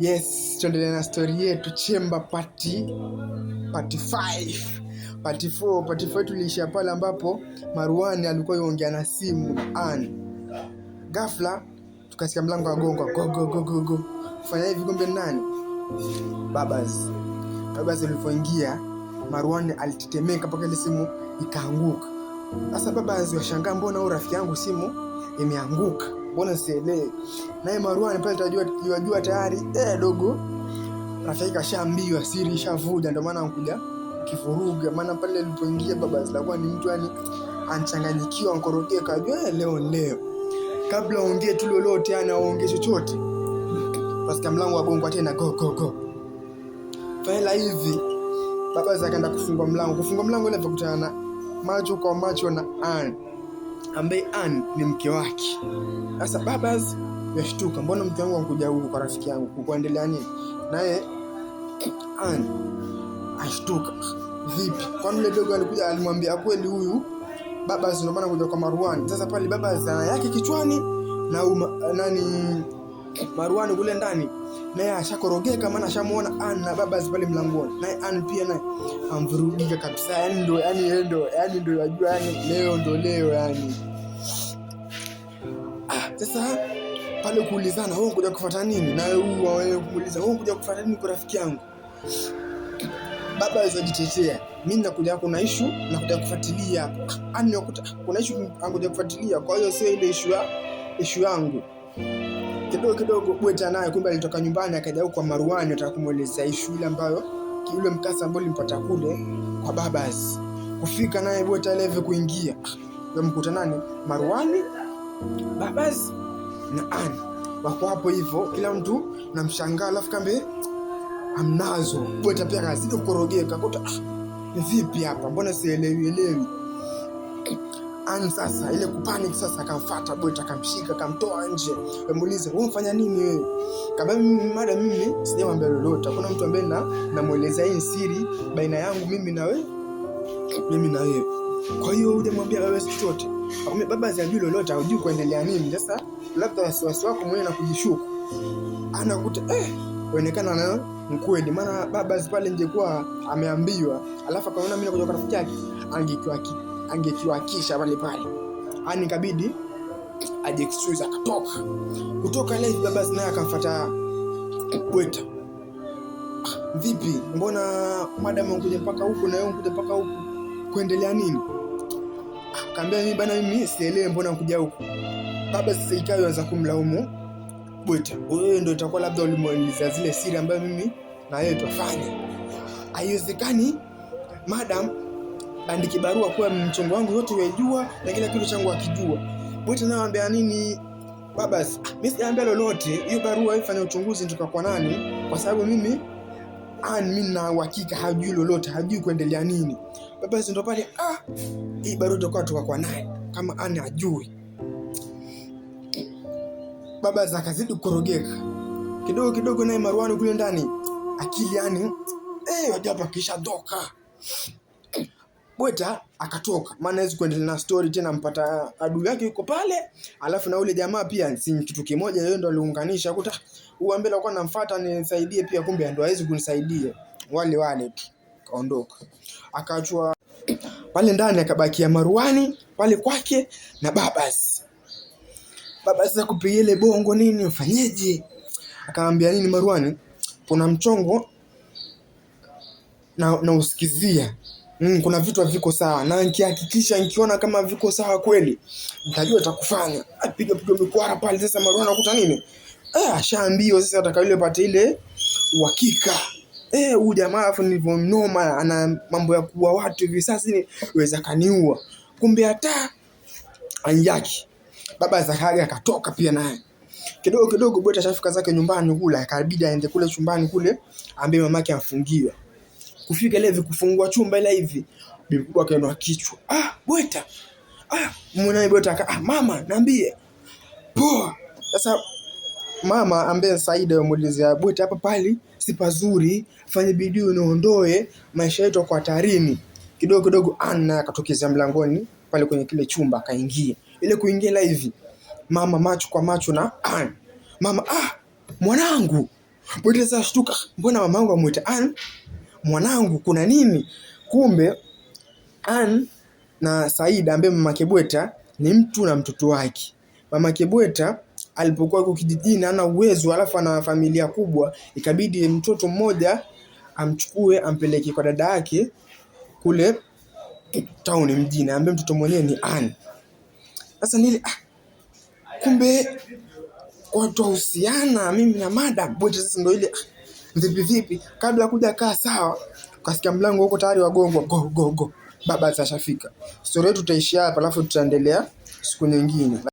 Yes, tuendelea na stori yetu Chemba pati pati 5 pati 4 pati 4 tuliishia pale ambapo Marwani alikuwa yongea na simu an ghafla, tukasikia mlango gongo go go go go go, fanya hivi kombe nani babas babas. Alipoingia Marwani alitetemeka mpaka ile simu ikaanguka. Sasa babas washangaa, mbona huyu rafiki yangu simu imeanguka? mbona sielewi. Naye Marwan pale tajua tayari eh, dogo rafiki kashaambiwa, siri ishavuja, ndio maana ankuja kifuruga. Maana pale alipoingia baba zilikuwa ni mtu yani anchanganyikiwa, ankorogea, kajua eh, leo leo, kabla aongee tu lolote, yani aongee chochote, basi mlango wa agongwa tena, go go go, faila hivi baba zakaenda kufunga mlango, kufunga mlango ile akakutana macho kwa macho na Ann ambaye Ann ni mke wake. Sasa Babaz yashtuka, mbona mke wangu ankuja huku kwa rafiki yangu kuendelea nini? Naye Ann ashtuka, vipi? Kwani yule dogo alikuja alimwambia kweli huyu Babaz ndio maana kuja kwa Marwan? Sasa pale Babaz ana yake kichwani na nani Marwani kule ndani naye ashakorogeka, maana ashamuona Ann na Babas pale mlangoni, naye Ann pia naye amvurugika kabisa. Yani ndo yani ndo yani ndo yajua yani leo ndo leo yani. Ah, sasa pale kuulizana, wewe unakuja kufuata nini? Na wewe huwa wewe kuuliza, wewe unakuja kufuata nini kwa rafiki yangu? Baba jitetea, mimi nakuja kuna ishu nakuja kufuatilia hapo. Ah, Ann nakuta kuna ishu anakuja kufuatilia, kwa hiyo sio ile ishu ya ishu yangu kidogo kidogo Bweta naye kumbe alitoka nyumbani akaja huko kwa Marwani, nataka kumuelezea ishu ile ambayo yule mkasa ambao limpata kule kwa babas. Kufika naye Bweta leve kuingia ah, mkuta nani? Marwani, babas na Ani wako hapo hivyo, kila mtu namshangaa, alafu kambe amnazo ah, Bweta pia kazidi kukorogeka kuta, ah, vipi hapa, mbona sielewi elewi Ani sasa ile kupanic sasa, akamfuata boy akamshika akamtoa nje, kamuuliza umfanya nini wewe? Kama mimi mada, mimi sijamwambia lolote, hakuna mtu ambaye namwelezea hii siri baina yangu mimi na wewe, mimi na wewe. Kwa hiyo hujamwambia wewe chochote? Akamwambia baba hajui lolote, hajui kuendelea nini. Sasa labda wasiwasi wako mwenyewe na kujishuku, anakuta eh kuonekana na mkweli, maana baba pale nje kwa ameambiwa, alafu akaona mimi nakuja kwa rafiki yake angekiwa angekiwakisha pale pale, yani ikabidi ajiexcuse akatoka kutoka ile Baba naye akamfuata Bweta, ah, vipi, mbona madam anakuja mpaka huku na wewe unakuja mpaka huku, kuendelea nini? Akaambia ah, mimi bana, mimi sielewi mbona unakuja huku. Baba sasa ikawa anza kumlaumu Bweta, wewe ndio itakuwa labda ulimweleza zile siri ambayo mimi na yeye tufanye. Haiwezekani madam andiki barua kwa mchongo wangu yote yajua na kila kitu changu akijua. Bwete nao ambia nini? Baba, mimi sijaambia lolote. Hiyo barua ifanye uchunguzi nitoka kwa nani, kwa sababu mimi an ah, mimi na uhakika hajui lolote, hajui kuendelea nini. Baba ndio pale, ah, hii barua itakuwa kutoka kwa nani kama an hajui. Baba akazidi kukorogeka kidogo kidogo, naye Marwani kule ndani akili yani, eh, hey, hapa kisha doka Bweta akatoka, maana hawezi kuendelea na story tena, mpata adui yake yuko pale, alafu na ule jamaa pia si kitu kimoja, yeye ndo aliunganisha kuta la kwa namfuata nisaidie pia, kumbe ndo hawezi kunisaidia, wale wale tu kaondoka, akaachwa pale ndani, akabakia Marwani pale kwake na Babas. Babas kupiga ile bongo nini, ufanyeje? Akamwambia nini Marwani, kuna mchongo na, na usikizia mm, kuna vitu haviko sawa, na nikihakikisha nikiona kama viko sawa kweli, nitajua takufanya apiga ah, pigo mikwara pale. Sasa Marwan anakuta nini? Eh, shaambio sasa, ataka yule pate ile uhakika eh, huyu jamaa afu nilivyo mnoma, ana mambo ya kuua watu hivi sasa, ni weza kaniua. Kumbe hata anyaki baba Zakaria akatoka pia naye kidogo kidogo, bwana shafika zake nyumbani kule, akabidi aende kule chumbani kule, ambaye mamake amfungiwe kufika ile hivi kufungua chumba ile hivi bibi kubwa akainua kichwa ah bweta ah mwanae bweta ah mama niambie poa sasa mama ambaye Saida amuulizia bweta hapa pali si pazuri fanye bidii unaondoe maisha yetu kwa hatarini kidogo kidogo ana akatokeza mlangoni pale kwenye kile chumba akaingia ile kuingia hivi mama macho kwa macho na an mama ah mwanangu bweta sasa shtuka mbona mamangu amwita an mwanangu kuna nini? Kumbe Ann na Saida ambaye mama Kebweta ni mtu na mtoto wake. Mama Kebweta alipokuwa huko kijijini ana uwezo, alafu ana familia kubwa, ikabidi mtoto mmoja amchukue ampeleke kwa dada yake kule town mjini, ambaye mtoto mwenyewe ni Ann. Sasa nili ah, kumbe watu wahusiana mimi na madam Bweta. Sasa ndio ile ah, vipi vipi, kabla kuja kaa sawa, ukasikia mlango huko tayari wagongwa, go go go, baba zashafika. Stori yetu tutaishia hapa, alafu tutaendelea siku nyingine.